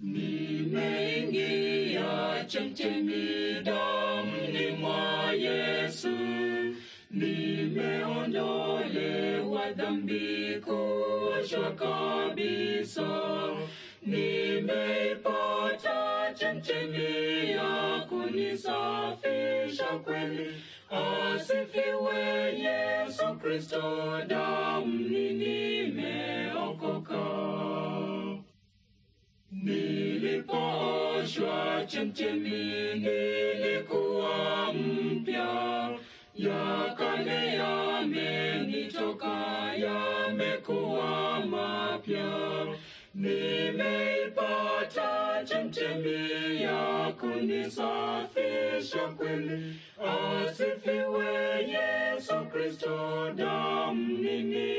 Nimeingia chemchemi damni mwa Yesu, nimeondolewa dhambi kuoshwa kabisa, nimeipata chemchemi ya kunisafisha kweli. Asifiwe Yesu Kristo, damu Joshua chemchemini ilikuwa mpya, ya kale yamenitoka, yamekuwa mapya. Nimeipata chemchemi ya kunisafisha kweli. Asifiwe Yesu Kristo, damu nini